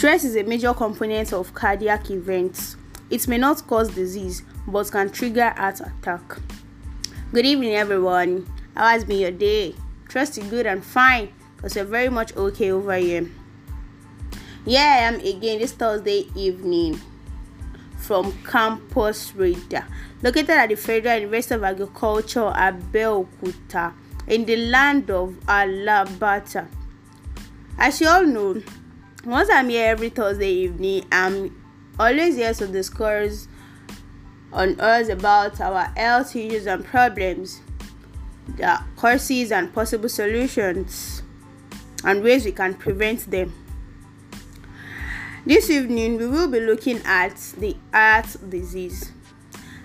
Stress is a major component of cardiac events. It may not cause disease but can trigger heart attack. Good evening, everyone. How has been your day? Trust you good and fine because you're very much okay over here. Yeah, I am again this Thursday evening from Campus Radar, located at the Federal University of Agriculture, Abeokuta, in the land of Alabata. As you all know, once I'm here every Thursday evening, I'm always here to discuss on us about our health issues and problems, the causes and possible solutions, and ways we can prevent them. This evening, we will be looking at the heart disease.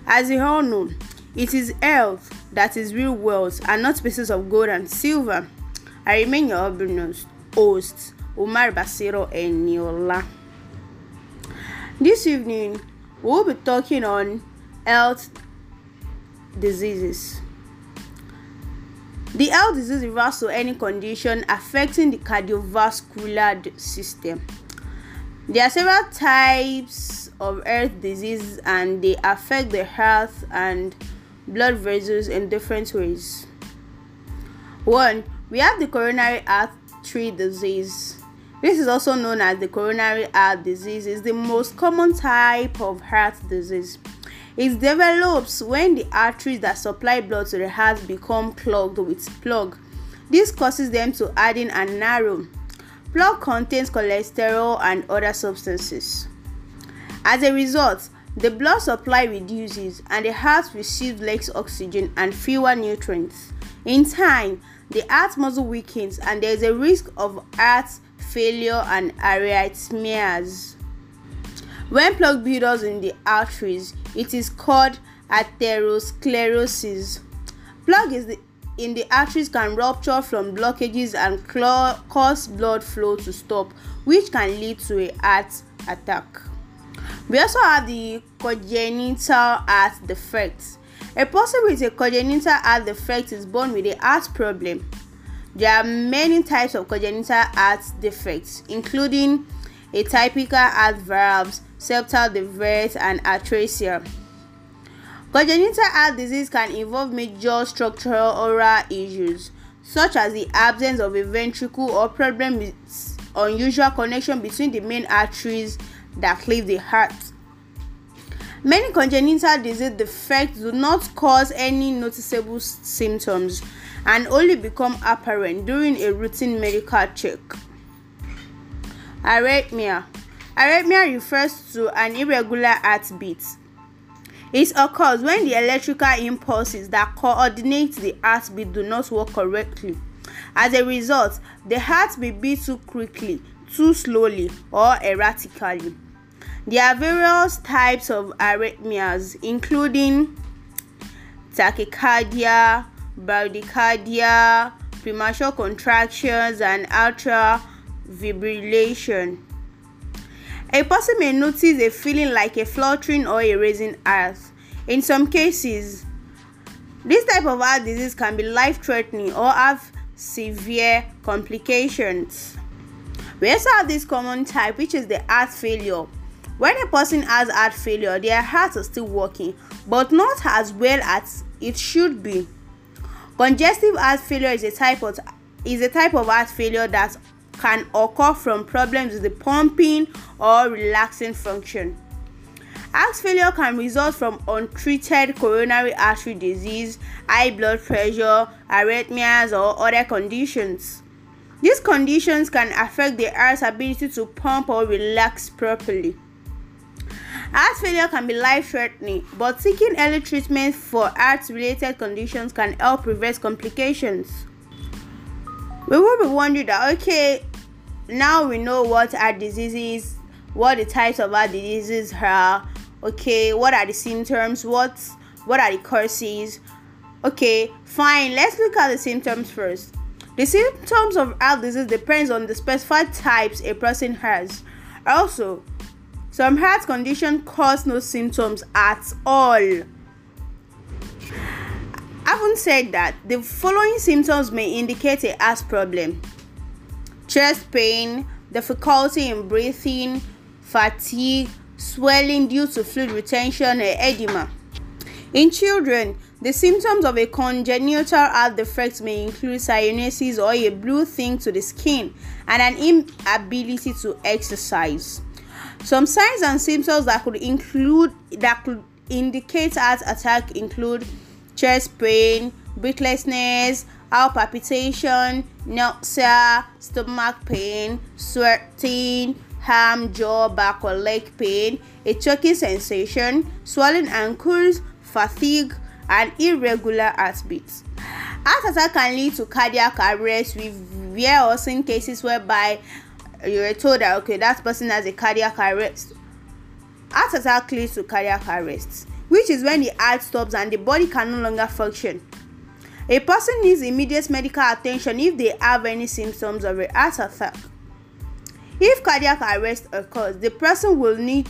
As you all know, it is health that is real wealth and not pieces of gold and silver. I remain your host, Umar Basiro and Niola. This evening, we'll be talking on health diseases. The health disease refers to any condition affecting the cardiovascular system. There are several types of heart diseases, and they affect the health and blood vessels in different ways. 1. We have the coronary artery disease. This is also known as the coronary heart disease. It's the most common type of heart disease. It develops when the arteries that supply blood to the heart become clogged with plug. This causes them to harden and narrow. Plug contains cholesterol and other substances. As a result, the blood supply reduces and the heart receives less oxygen and fewer nutrients. In time, the heart muscle weakens and there is a risk of heart failure, and areate smears. When plaque builds in the arteries, it is called atherosclerosis. Plaque is the in the arteries can rupture from blockages and claw, cause blood flow to stop, which can lead to a heart attack. We also have the congenital heart defect. A person with a congenital heart defect is born with a heart problem. There are many types of congenital heart defects, including atypical heart valves, septal defects, and atresia. Congenital heart disease can involve major structural oral issues, such as the absence of a ventricle or problem with unusual connection between the main arteries that leave the heart. Many congenital disease defects do not cause any noticeable symptoms and only become apparent during a routine medical check. Arrhythmia Arrhythmia refers to an irregular heartbeat. It occurs when the electrical impulses that coordinate the heartbeat do not work correctly. As a result, the heart may beat too quickly, too slowly, or erratically. There are various types of arrhythmias, including tachycardia, bradycardia, premature contractions, and atrial fibrillation. A person may notice a feeling like a fluttering or a raising heart. In some cases, this type of heart disease can be life threatening or have severe complications. We also have this common type, which is the heart failure. When a person has heart failure, their heart is still working, but not as well as it should be. Congestive heart failure is a type of is a type of heart failure that can occur from problems with the pumping or relaxing function. Heart failure can result from untreated coronary artery disease, high blood pressure, arrhythmias, or other conditions. These conditions can affect the heart's ability to pump or relax properly. Heart failure can be life threatening, but seeking early treatment for heart related conditions can help prevent complications. We will be wondering that okay, now we know what heart disease is, what the types of heart diseases are, okay, what are the symptoms, what, what are the causes. Okay, fine, let's look at the symptoms first. The symptoms of heart disease depends on the specified types a person has. Also, some heart conditions cause no symptoms at all. Having said that, the following symptoms may indicate a heart problem chest pain, difficulty in breathing, fatigue, swelling due to fluid retention, and edema. In children, the symptoms of a congenital heart defect may include cyanosis or a blue thing to the skin and an inability to exercise. Some signs and symptoms that could include that could indicate heart attack include chest pain, breathlessness, heart palpitation, nausea, stomach pain, sweating, arm, jaw, back or leg pain, a choking sensation, swollen ankles, fatigue, and irregular heartbeats. Heart attack can lead to cardiac arrest. We have seen cases whereby you were told that okay that person has a cardiac arrest heart attack leads to cardiac arrest which is when the heart stops and the body can no longer function a person needs immediate medical attention if they have any symptoms of a heart attack if cardiac arrest occurs the person will need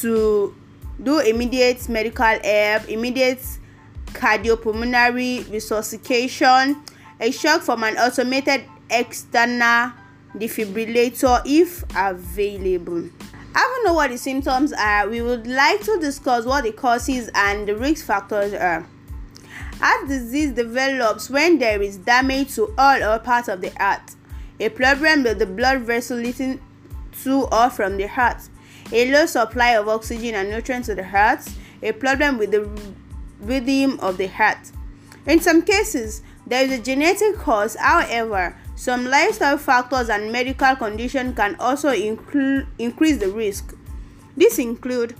to do immediate medical help immediate cardiopulmonary resuscitation a shock from an automated external defibrillator if available. I don't know what the symptoms are, we would like to discuss what the causes and the risk factors are. Heart disease develops when there is damage to all or parts of the heart, a problem with the blood vessel leading to or from the heart, a low supply of oxygen and nutrients to the heart, a problem with the rhythm of the heart. In some cases, there is a genetic cause, however, Some lifestyle factors and medical conditions can also incl- increase the risk. These include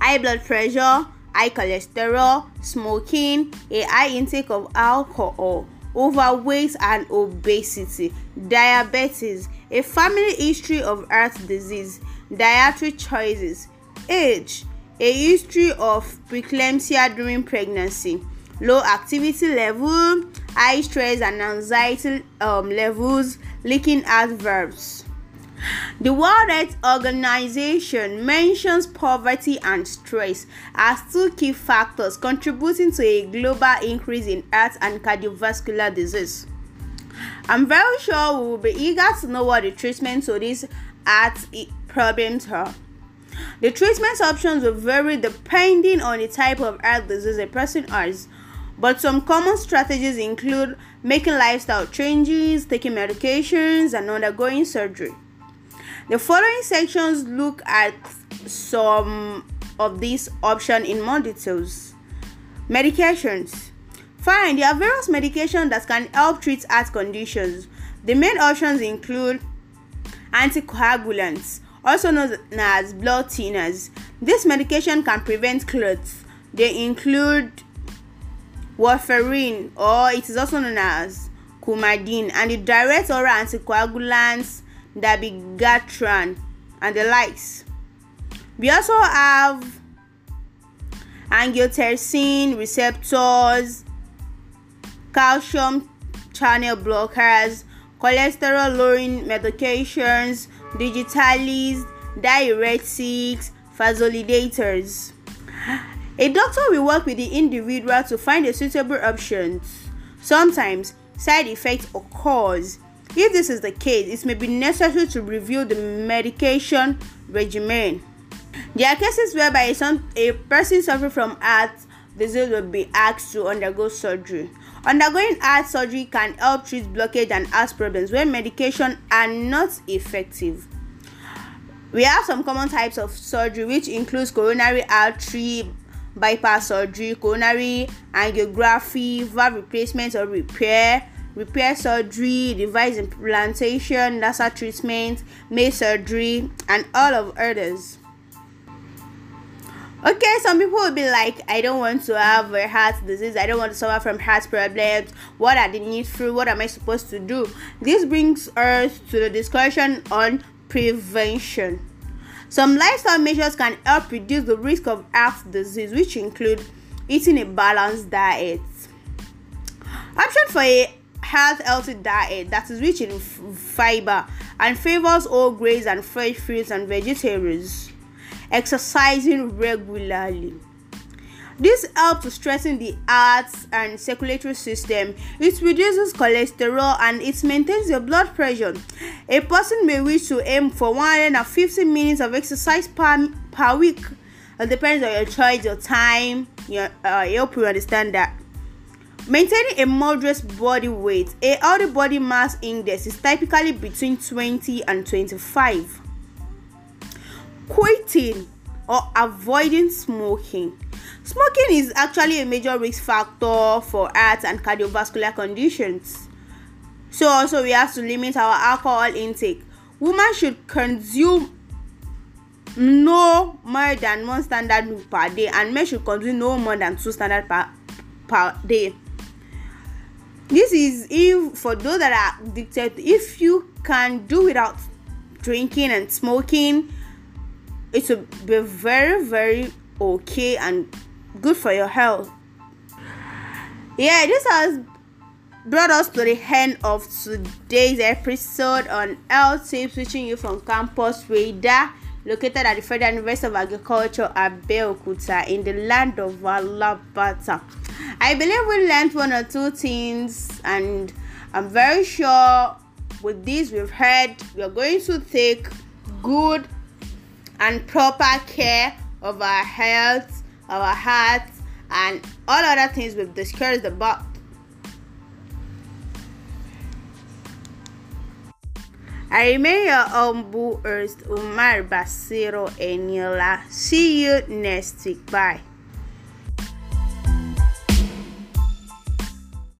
high blood pressure, high cholesterol, smoking, a high intake of alcohol, overweight and obesity, diabetes, a family history of heart disease, dietary choices, age, a history of preeclampsia during pregnancy, low activity level, high stress and anxiety um, levels, leaking out verbs. The World Health Organization mentions poverty and stress as two key factors contributing to a global increase in heart and cardiovascular disease. I'm very sure we will be eager to know what the treatment to these heart problems are. The treatment options will vary depending on the type of heart disease a person has but some common strategies include making lifestyle changes, taking medications, and undergoing surgery. The following sections look at some of these options in more details. Medications. Fine, there are various medications that can help treat heart conditions. The main options include anticoagulants, also known as blood thinners. This medication can prevent clots. They include warfarin or it is also known as coumadin and the direct oral anticoagulants dabigatran and the likes. We also have angiotensin receptors, calcium channel blockers, cholesterol lowering medications, digitalis, diuretics, vasodilators. A doctor will work with the individual to find a suitable option. Sometimes side effects occurs. If this is the case, it may be necessary to review the medication regimen. There are cases whereby a, a person suffering from heart disease will be asked to undergo surgery. Undergoing heart surgery can help treat blockage and heart problems when medication are not effective. We have some common types of surgery which includes coronary artery bypass surgery, coronary angiography, valve replacement or repair, repair surgery, device implantation, laser treatment, May surgery, and all of others. Okay, some people will be like, I don't want to have a heart disease, I don't want to suffer from heart problems. What are the needs for? What am I supposed to do? This brings us to the discussion on prevention. Some lifestyle measures can help reduce the risk of heart disease, which include eating a balanced diet. Option for a health healthy diet that is rich in fiber and favors all grains and fresh fruits and vegetables. Exercising regularly. This helps to strengthen the heart and circulatory system. It reduces cholesterol and it maintains your blood pressure. A person may wish to aim for 150 minutes of exercise per, per week. It depends on your choice, your time. Your, uh, I hope you understand that. Maintaining a moderate body weight, a healthy body mass index is typically between 20 and 25. Quitting or avoiding smoking. Smoking is actually a major risk factor for heart and cardiovascular conditions. So, also, we have to limit our alcohol intake. Women should consume no more than one standard per day, and men should consume no more than two standard per, per day. This is if for those that are addicted, if you can do without drinking and smoking, it will be very, very okay and good for your health. Yeah, this has brought us to the end of today's episode on health tips reaching you from campus radar located at the Federal University of Agriculture Abeokuta in the land of Alabata. I believe we learned one or two things and I'm very sure with this we've heard you're going to take good and proper care of our health, our hearts, and all other things we've discussed about. I remain your humble host, Umar Basiro Eniola. See you next week. Bye.